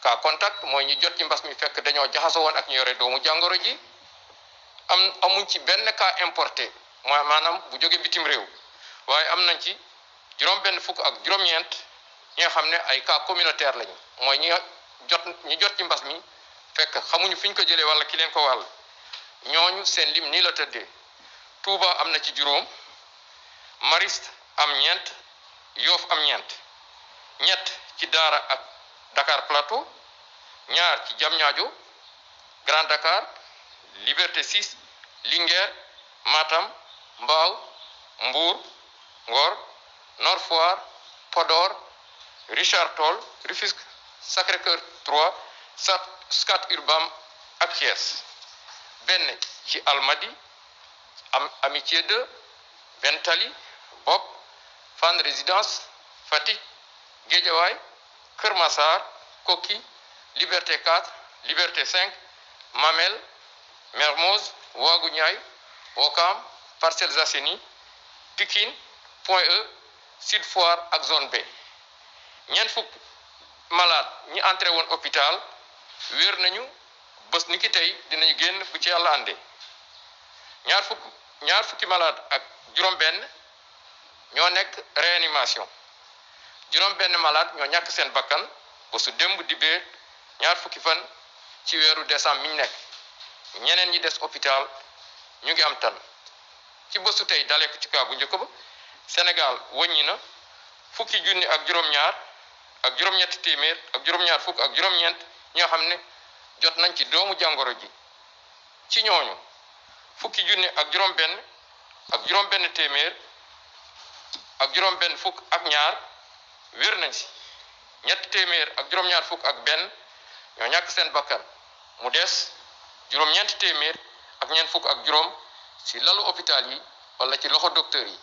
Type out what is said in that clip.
cas contact mooy ñu jot ci mbas mi fekk dañoo jaxaso woon ak ñu yore doomu jàngoro ji am amuñ ci benn cas importé mooy maanaam bu jóge bitim réew waaye am nañ ci juróom-benn ak juróom ñi nga xam ne ay cas communautaire lañ mooy ñi jot ñi jot ci mbas mi fekk xamuñu fiñ ko jëlee walla ki leen ko wàll ñooñu seen lim nii la tëddee Touba am na ci juróom Mariste am ñeent yoof am ñeent ñett ci Daara ak Dakar Plateau ñaar ci Diamniadio Grand Dakar Liberté 6 Linguère Matam Mbao Mbour Ngor Nord Podor Richard Toll Rufisque Sacré-Cœur 3 Scat Scat Urbam ci Almadies am Amitié Bentali Bopp Fann Résidence Fatick Guédiawaye Kër Koki Liberté 4, Liberté 5, Mamel, Mermoz, Ouagouniaï, Okam, Parcelles Asseni, Pikine, Point E, Sud Foire ak zone B ñeent fukk malade ñi entré dans hôpital wér nañu bés ni de tey dinañu génn bu ci yàlla àndee ñaar fukk ñaar fukki malade ak juróom-benn ñoo réanimation juróom-benn malade ñoo ñàkk seen bakkan bésu démb dibéer ñaar fukki fan ci weeru décembre mi ñu nekk ñeneen ñi des hôpital ñu ngi am tan ci bésu tey dalee ko ci kaa njëkk ba Sénégal wëññi na fukki junni ak juróom-ñaar ak juróom-ñetti téeméer ak juróom-ñaar fukk ak juróom-ñeent ñoo xam ne jot nañ ci doomu jàngoro ji ci ñooñu fukki junni ak juróom-benn ak juróom-benn téeméer ak juróom-benn fukk ak ñaar wér nañ ci ñett téeméer ak juróom-ñaar fukk ak benn. ñoo ñàkk seen bakkan mu des juróom ñeenti téeméer ak ñeent fukk ak juróom ci lalu hôpital yi wala ci loxo docteur yi